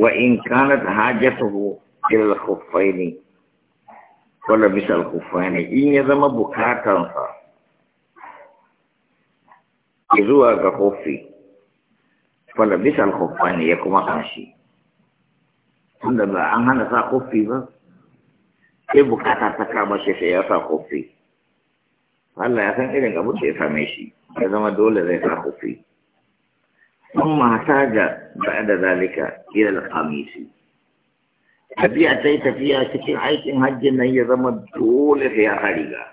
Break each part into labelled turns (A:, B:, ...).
A: وإن كانت حاجته إلى الخفين ولبس الخفين إن يزم بكاتا إذوا كخفي فلبس الخفين يكما خاشي tunda ba an hana sa kofi ba sai bukata ta kama shi sai ya sa kofi Allah ya san irin abin da ya same shi ya zama dole zai sa kofi ثم احتاج بعد ذلك إلى القميص أبي أتيت فيها كثير عيت هج أن يضم الدول في خريقة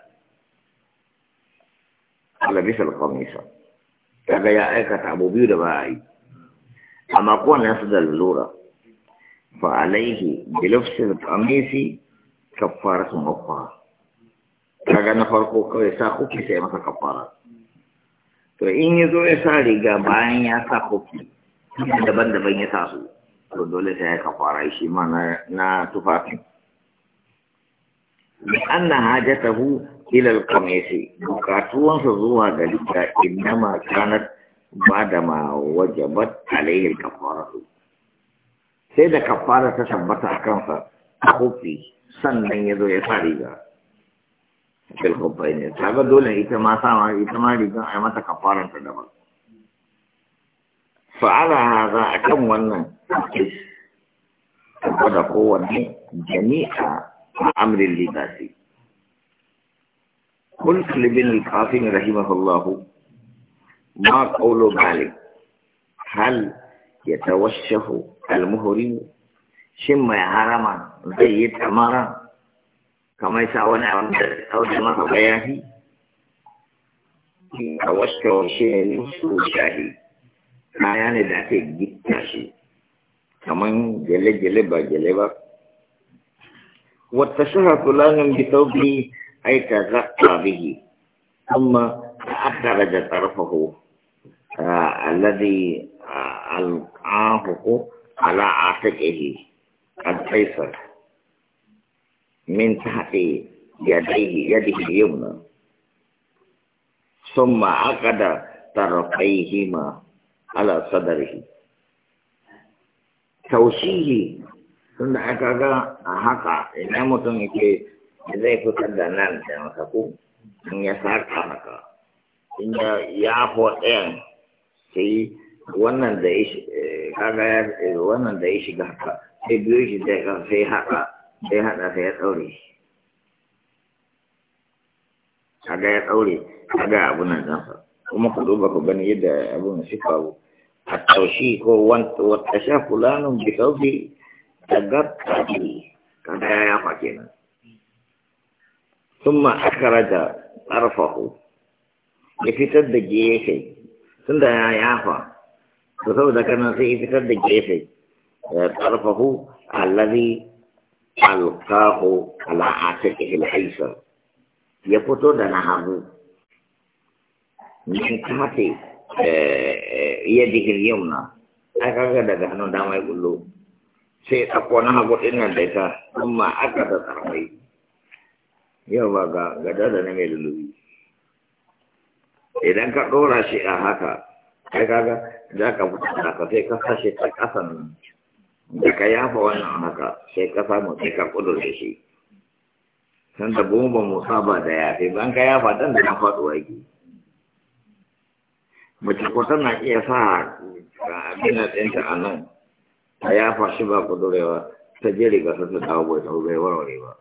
A: على بيس القميص قال يا أيكة أبو بيو دباعي أما قوان يصد اللورة فعليه بلفس القميص كفارة مقفارة قال نفرقه كويسا خوكي سيما كفارات to in ya zo ya sa riga bayan ya sa kofi daban-daban ya sa su to dole sai ya kafara shi ma na tufafi An ta hu zuwa ga حاجته inda ma kanar ba da ma waje ba وجبت kafara su. sai da kafara ta tabbata a kansa a kofi sannan ya zo ya sa riga bilkufai ne kaga dole ita ma sama ita ma rigan a mata kafaran ta daban fa'ala haza akan wannan da kowanne jami'a a amrin libasi قلت لابن القاسم رحمه الله ما قول مالك هل يتوشه المهرم شم يا kamar sa wani abu da kauce masa bayani a wasu washe ne su shahi kaya ne da ake gita shi kamar gele-gele ba gele ba wata shaha fulanin bitaubi aika zaɓa bihi amma ta'addara da tsarfahu alladhi alqahu ala atiqihi al-faisal من تحت يديه يده اليمنى ثم عقد طرفيهما على صدره توشيه tunda aka ga a haka ina mutum yake zai fitar da nan da masaku in ya saka haka in ya yafo ɗayan sai wannan da ya shiga haka sai biyu shi da sai haka da haɗa sai ya ɗaure shi kaga ya ɗaure kaga abu nan ɗansa kuma ku duba ku gani yadda abun shi faru a taushi ko wata sha fulanun bi sauki daga kaɗi kaga ya yafa kenan ثم أخرج طرفه يفتد جيفي ثم يا يافا فسوف ذكرنا سيفتد جيفي طرفه الذي alkahu ala atiqihi al-aysar ya fito da na hagu min kamati yadihi eh, al-yamna ai kaga daga hannun dama ya sai ɗauko na hagu ɗin nan da ita amma aka da tsamai yau ba ga gada da na mai lulubi idan ka ɗora shi a haka ai ga za ka fita da ka sai ka kashe ta ƙasan nan da ka yafa wannan haka sai ka samu sai ka kudurce shi san da bomba Musa ba da yafe ba, ka yafa dan da na faɗuwa yake mace ko tana iya sa abin ɗinta a nan ta yafa shi ba kudurewa ta je riga ta ta dawo bai dawo bai warware ba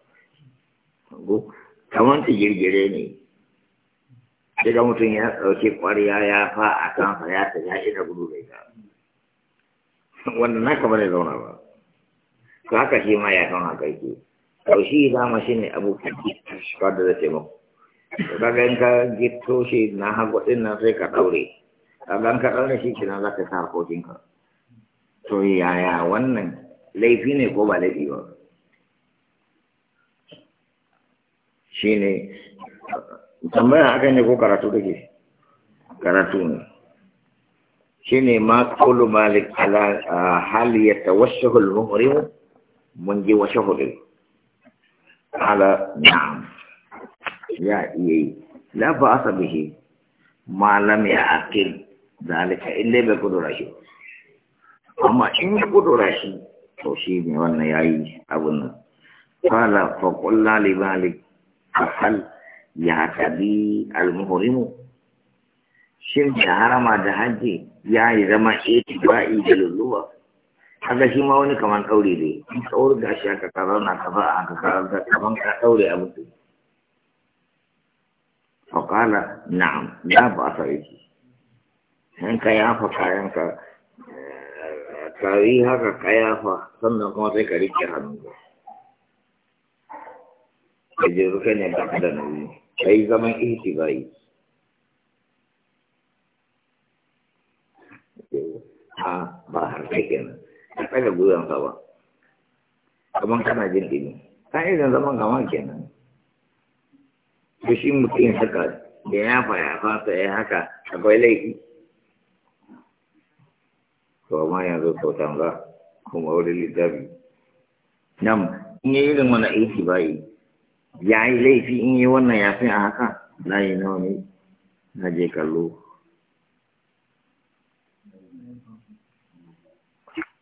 A: kamar ta girgire ne sai mutum ya ɗauki ƙwarya ya fa a kansa ya ta ya ina gudu bai ta wannan naka bane zauna ba to haka shi ma ya kama haka yake to shi dama shi ne abokan ba da zai taimako kaga in ka gito shi na hagu din nan sai ka daure kaga in ka daure shi kina za ka sa harkokin ka to yaya wannan laifi ne ko ba laifi ba shi ne tambaya haka ne ko karatu ke, karatu ne shine ما qawlu مالك على هل يتوشه al من جي ji على نعم يا إيه لا بأس به ما لم يعقل ذلك إلا بقدرته أما إن قدرته توشيني وانا إيه أبونا قال فقلنا لمالك فهل يعتدي المهرم shin da harama da haji ya yi zama ba'i da lulluwa haka shi ma wani kamar ɗaure ne in ɗaure ga shi aka karar na kafa a aka karar kaman ka ɗaure a mutu fakala na na ba a sarki in ka yafa kayan eh, ka kari haka ka yafa sannan kuma sai ka rike hannu ba ka je rufe ne ba ka da nauyi ka yi zaman bai. ha ba har kenan ka ba kamar zaman kama kenan to shi mutum haka da ya faya fasa ya haka akwai laifi kuma wurin littafi in yi irin ya yi laifi in yi wannan ya a haka layi nawa ne na je kallo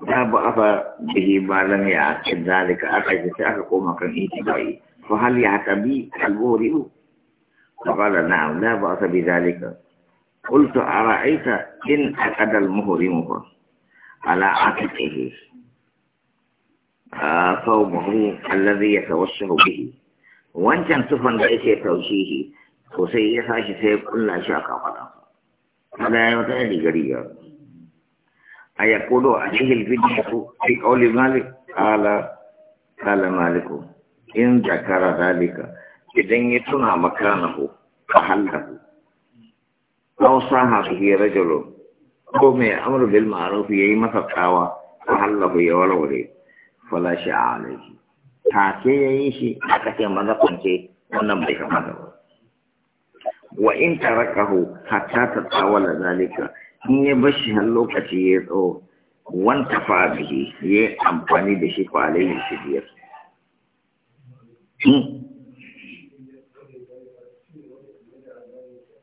A: babu afa da yi malam ya ake zalika aka yi sai aka koma kan iti bai fa hal ya tabi al-buhri u fa qala na'am la ba asabi zalika qultu ara'aita in aqada al-muhri mu fa ala atihi fawmuhu ah, alladhi yatawassahu bihi wancan tufan da yake taushihi to sai ya sashi sai kullashi a kafa da. Kada ya yi wata yadda gari ya أيقول عليه الفدية في قول مالك قال قال مالك إن ذكر ذلك إذن يتنى مكانه فحله أوصاها به رجل قوم أمر بالمعروف يما فقاوى فحله يولولي فلا شاء عليه تاكي يشي أكتي مدقنتي ونبرك مدقنتي وإن تركه حتى تتطاول ذلك in ya bashi har lokaci ya tso wanta fa bihi ya amfani da shi fa alaihi shidiyar ke hmm?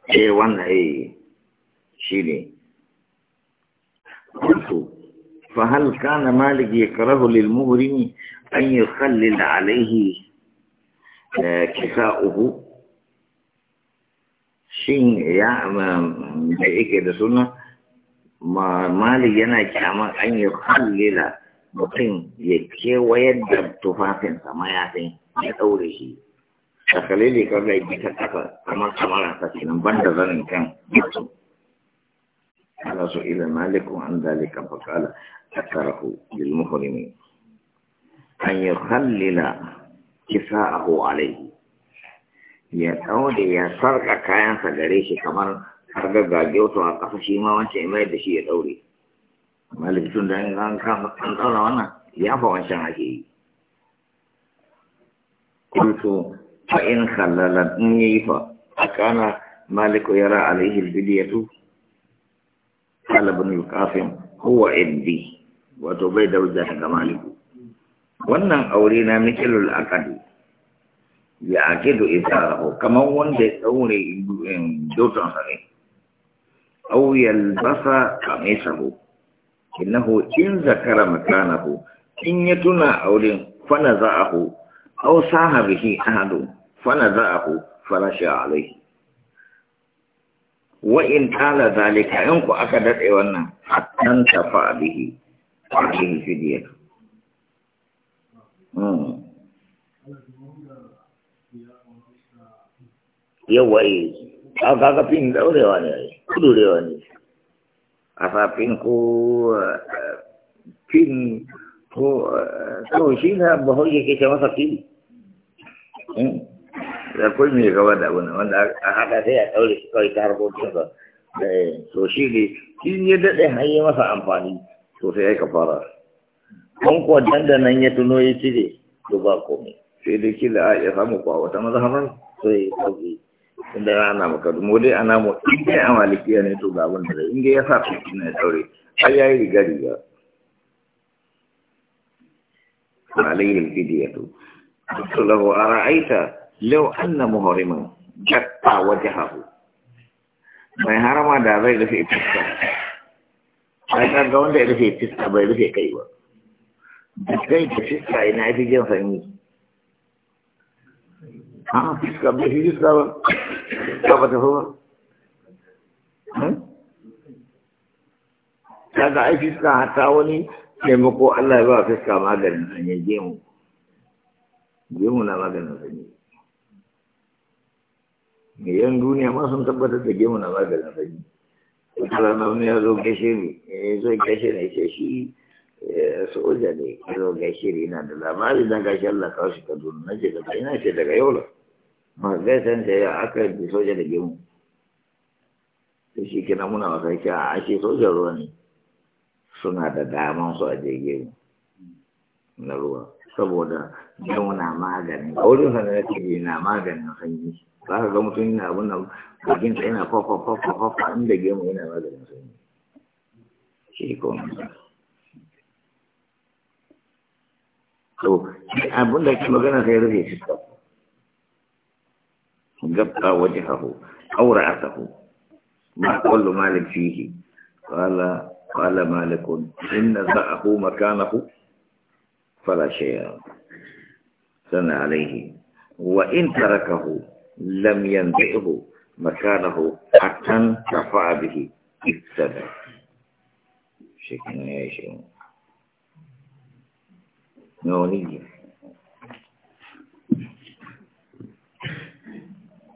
A: eh, wannan eh shi ne kuntu fa hal kana malik yakrahu lil muhrimi an yukhallil alaihi eh, kisa'uhu shin ya um, da yake da suna mali yana kyaman an yi hallila mutum ya kewayar da tufafinsa mayafin ya ɗaure shi a kalili kaga yi ta ƙasa kamar kamar ta kenan ban da zanen kan mutum ala su ila malikun an zalika fakala a karahu bil muhrimi an yi hallila kisa a alaihi ya ɗaure ya sarƙa kayansa gare shi kamar kaga gage wato a ƙasa shi ma wancan mai da shi ya ɗaure malik tun da an ɗaura wannan ya fa wancan ake yi kuntu fa in khallalan in yi fa A akana maliku yara alaihi albidiyatu qala ibn al-qasim huwa ibdi wato bai da wajen ga maliku wannan aure na mikilul akadi ya ake do isa kamar wanda ya ɗaure in eh, dotan sa ne أو يلبس قميصه إنه إن ذكر مكانه إن يتنا أول فنزعه أو ساه به أحد فنزعه فرش عليه وإن قال ذلك إنك أكدت إيوانا حتى انتفع به عليه فدية يوائي أو كاكا فين دوري وانا Kudu lewani a safin ko fin ko kawai shi na ye ke ce masa ya koi me mai da wani wanda a haɗa sai a ɗaure shi kawai ta harkokin da so eh, shi ne shi ya daɗe har yi masa amfani to sai ya ka fara kan kuwa nan ya tuno ya cire to ba komai sai dai kila a ya samu kwa wata mazhabar sai ya inda ya maka mu dai ana mu in dai a malikiya ne to ga abin zai in dai ya sa kuɗi na daure har ya yi riga riga alayhi al-fidiyatu قلت له أرأيت لو أن مهرما جقى وجهه Mai يهرم هذا زي رفع فسكة ai ga wanda ya rufe fiska bai rufe kai ba da kai ina ya jin sanyi a fiska bai fi fiska ba ba ta so ba kaga hmm? ai fiska hata wani taimako Allah ya ba fiska maganin an ya gemu gemu na maganin sanyi me yan duniya ma sun tabbatar da gemu na maganin sanyi Kala na wani ya zo gashe ne eh, ya zo gashe ne ce shi eh, soja ne ya zo gashe ne yana da labari don gashe Allah kawo shi Kaduna na ce daga ina ce daga yau ba zai san sai ya aka yi soja da gemu to shi kina muna wasa ki a ashe soja ruwa ne suna da daman su a je gemu na ruwa saboda gemu na maganin kaurin sa na kiri na maganin sanyi za ka ga mutum yana abin nan bakin sa yana fafa fafa fafa inda gemu yana maganin sanyi shi ko to abin da ke magana sai rufe shi غطى وجهه أو رأته ما كل مالك فيه قال قال مالك إن ذأه مكانه فلا شيء سن عليه وإن تركه لم ينبئه مكانه حتى انتفع به ابتدى شكرا يا شيخ نونيه